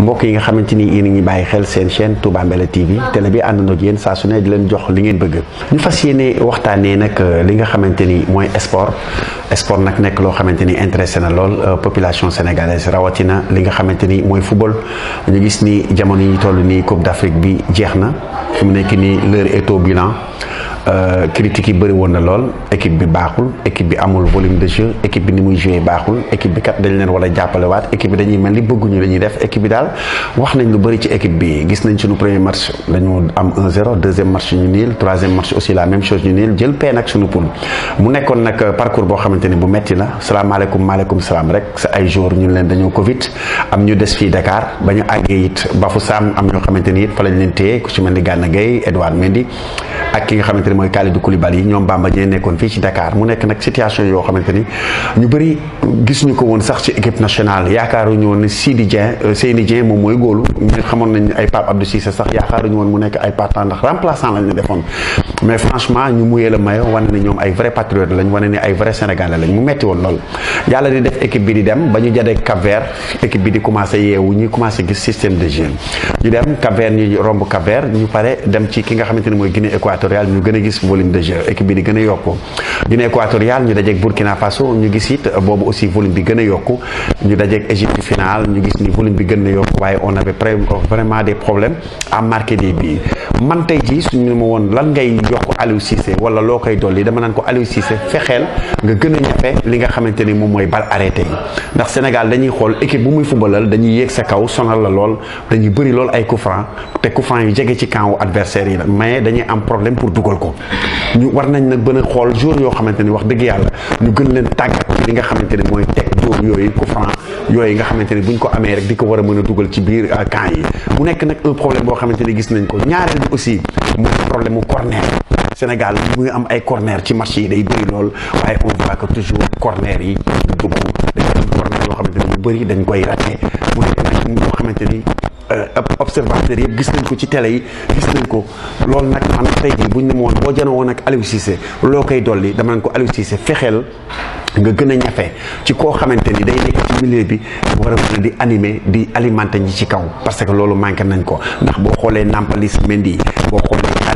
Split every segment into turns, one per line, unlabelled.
mbokk yi nga xamante ni yéen a ngi bàyyi xel seen chaîne Touba Mbella TV télé bi àndandoo ak yéen saa su ne di leen jox li ngeen bëgg ñu fas waxtaan waxtaanee nag euh, li nga xamante ni mooy sport sport nag nekk loo xamante ni intéressé na lool euh, population sénégalaise rawatina li nga xamante ni mooy football ñu gis ni jamono yi toll nii Coupe d'Afrique bi jeex na fi mu nekk nii l'heure est au Euh, critiques yi bëri woon na lool équipe bi baaxul équipe bi amul volume de jeu équipe bi ni muy joué baaxul équipe bi kat dañ leen war a jàppale waat équipe bi dañuy mel ni bëgguñu lañuy def équipe bi daal wax nañ lu bëri ci équipe bi gis nañ suñu premier match dañu am 1-0 deuxième match ñu niil troisième match aussi la même chose ñu niil jël paie nag suñu poule mu nekkoon nag euh, parcours boo xamante ni bu metti la salaamaaleykum maaleykum salaam rek sa ay jour ñu leen dañoo Covid am ñu des fii Dakar ba ñu àggee it Bafoussam am ñoo xamante ni it fa lañ leen téye ku ci mel ni Gana Gueye Edouard Mendy ak ki nga xamante ne mooy Kalidou Koulibaly ñoom Bamba ñee nekkoon fii ci Dakar mu nekk nag situation yoo xamante ñu bëri gis ñu ko woon sax ci équipe nationale yaakaaruñu woon ne Sidi Dieng euh, Seyni Dieng moom mooy góolu ñu xamoon nañ ay Pape Abdou Cissé sax yaakaaruñu woon mu nekk ay partant ndax remplaçant lañ la defoon mais franchement ñu muyee la mayo wane ne ñoom ay vrai patriote lañ wane ne ay vrai sénégalais lañ mu metti woon lool yàlla di équatorial ñu gën a gis volume de jeu équipe bi di gën a yokku Guinée équatoriale ñu dajeeg Burkina Faso ñu gis it boobu aussi volume bi gën a yokku ñu dajeeg Égypte final ñu gis ni volume bi gën a yokku waaye on avait vraiment des problèmes à marquer des buts man tey jii suñu ma woon lan ngay yokk Aliou Cissé wala loo koy dolli dama naan ko Aliou Cissé fexeel nga gën a ñafe li nga xamante ni moom mooy bal arrêté yi ndax Sénégal dañuy xool équipe bu muy fubalal dañuy yéeg sa kaw sonal la lool dañuy bëri lool ay coup te coup yu jege ci camp adversaire yi la problème pour dugal ko ñu war nañ nag bën a xool jour yoo xamante ni wax dëgg yàlla ñu gën leen tàggat ci li nga xamante ni mooy teg dóor yooyu ko franc yooyu nga xamante bu buñ ko amee rek di ko war a mën a dugal ci biir euh, camp yi mu nekk nag un problème boo xamante ni gis ko ñaareel bi aussi mooy mu corner Sénégal mu ngi am ay corner ci match yi day bëri lool waaye on voit que toujours yi du dugg dañ am corner yoo bu bëri dañ koy raté mu nekk nag ñoo xamante ni euh, observateur yëpp gis nañ ko ci télé yi gis nañ ko loolu nag man tey jii bu ñu ne ma woon boo jëna woon ak Aliou loo koy dolli dama naan ko Aliou fexeel nga gën a ñafe ci koo xamante ni day nekk ci milieu bi war a mën a di animer di alimenter ñi ci kaw parce que loolu manqué nañ ko ndax boo xoolee Nampalys Mendy boo xoolee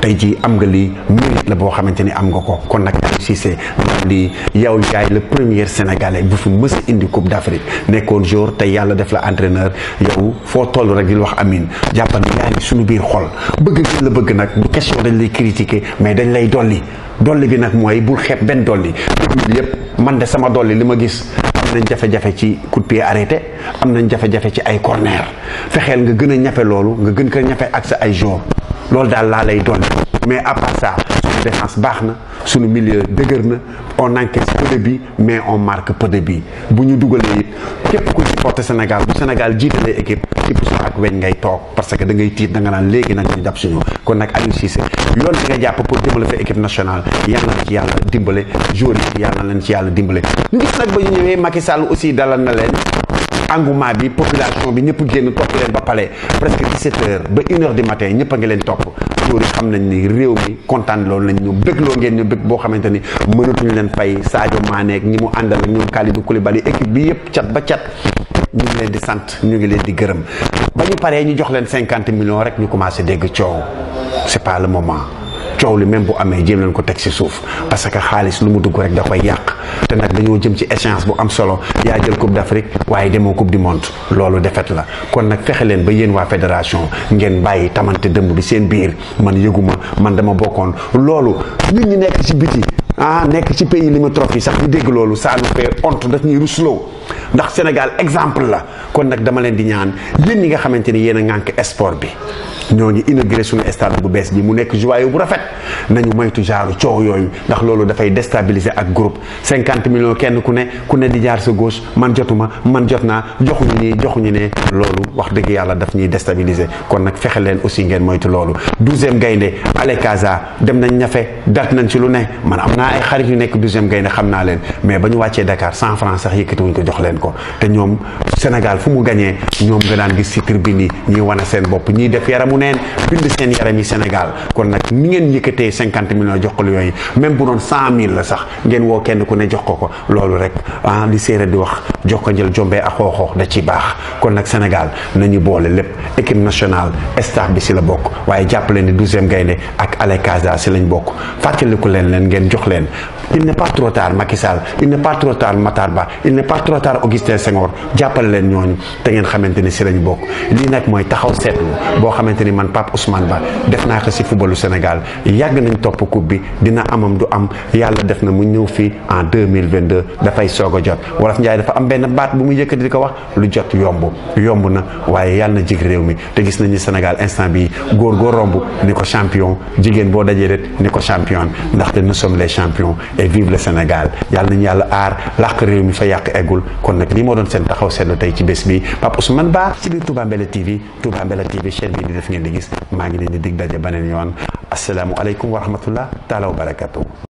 tey jii am nga lii mérite la boo xamante ni am nga ko kon nag Aliou Cissé lii yow yaay le premier sénégalais bu fi mës indi coupe d' nekkoon jour tey yàlla def la entraîneur yow foo toll rek di wax amin jàppal suñu biir xol bëgg la bëgg nag question dañ lay critiquer mais dañ lay dolli dolli bi nag mooy bul xeeb benn dolli yëpp man de sama dolli li ma gis. am nañ jafe-jafe ci coup de pied arrêté am nañ jafe-jafe ci ay corner fexeel nga gën a ñafe loolu nga gën ko ñafe ak sa ay jour loolu daal laa lay doon mais à part ça suñu défense baax na suñu milieu dëgër na on encaisse peu de mais on marque peu de bu ñu dugalee it képp ku supporter Sénégal bu Sénégal jiitalee équipe ci puso ak weñ ngay toog parce que da ngay tiit da nga naan léegi nag ñu dab suñu kon nag Aliou Cissé yoon bi nga jàpp pour jëmale fa équipe nationale yàlla na ci yàlla dimbale jour yi yàlla na leen ci yàlla dimbale ñu gis nag ba ñu ñëwee Macky engouement bi population bi ñëpp génn topp leen ba palais presque 17 heures ba une heure matin ñëpp a ngi leen topp tuuri xam nañ ni réew mi kontaan loolu lañ ñu bëgg loo ngeen ñu bëgg boo xamante ni mënatuñu leen fay saajo maaneek ñi mu àndal ñoom Kalidou Koulibaly équipe bi yëpp cat ba cat ñu ngi leen di sant ñu ngi leen di gërëm ba ñu paree ñu jox leen cinquante million rek ñu commencé dégg coow c'est par le moment coow li même bu amee jéem leen ko teg ci suuf parce que xaalis lu mu dugg rek da koy yàq te nag dañoo jëm ci échéance bu am solo yaa jël coupe d'Afrique waaye demoo coupe du monde loolu defet la kon nag fexe leen ba yéen waa fédération ngeen bàyyi tamante dëmb bi seen biir man yëguma man dama bokkoon loolu nit ñi nekk ci biti ah nekk ci pays limitrophes yi sax di dégg loolu ça nous fait honte daf ñuy rusloo ndax Sénégal exemple la kon nag dama leen di ñaan yéen ñi nga xamante ni yéen a ŋànk sport bi ñoo ngi inauguré suñu stade bu bees bi mu nekk joyau bu rafet nañu moytu jaaru coow yooyu ndax loolu dafay déstabiliser ak group cinquante millions kenn ku ne ku ne di jaar sa gauche man jotuma man jot naa ñu nii joxuñu ne loolu wax dëgg yàlla daf ñuy déstabiliser kon nag fexe leen aussi ngeen moytu loolu douzième gaynde Alekaza dem nañ ñafe dat nañ naa ay xarit yu nekk deuxième gaynde xam naa leen mais ba ñu wàccee Dakar cent franc sax yëkkatiwuñ ko jox leen ko te ñoom Sénégal fu mu gañee ñoom nga daan gis si tribune yi ñiy wane seen bopp ñiy def yaramu neen bind seen yaram yi Sénégal kon nag ni ngeen yëkkatee cinquante millions jox ko yooyu même bu doon cent mille la sax ngeen woo kenn ku ne jox ko ko loolu rek ah li séeréer di wax jox ko njël jombee ak xoox da ci baax kon nag Sénégal nañu boole lépp équipe nationale staff bi si la bokk waaye jàpp leen ni douzième gaynde ak Allez Casa lañ bokk fàttaliku Brooklyn. il n'est pas trop tard Macky Sall il n'est pas trop tard Matarba il n'est pas trop tard Augustin Senghor jàppale len ñooñu te ngeen xamanteni ci si bok li nak moy taxaw seetlu bo xamanteni man Pape Ousmane Ba def naa ko si footballu Sénégal yàgg nañ top coupe bi dina amam du am Yalla def na mu ñëw fi en 2022 da fay sogo jot Wolof Njaay dafa am ben baat bu mu yëkkati di ko wax lu jot yomb yomb na waye Yalla na jig réew mi te gis nañu Sénégal instant bi gor gor rombu niko champion jigen bo dajé ret niko champion ndaxte nous sommes les champions et vive le Sénégal yàlla nañu yàlla aar làq réew mi fa yàq eggul kon nag lii moo doon seen taxaw seetlu tey ci bés bi Pape Ousmane Ba ci biir Touba Mbella TV Touba Mbella TV chaîne bi di def ngeen di gis maa ngi leen di dig daje beneen yoon asalaamualeykum wa rahmatullah taala wa barakatuh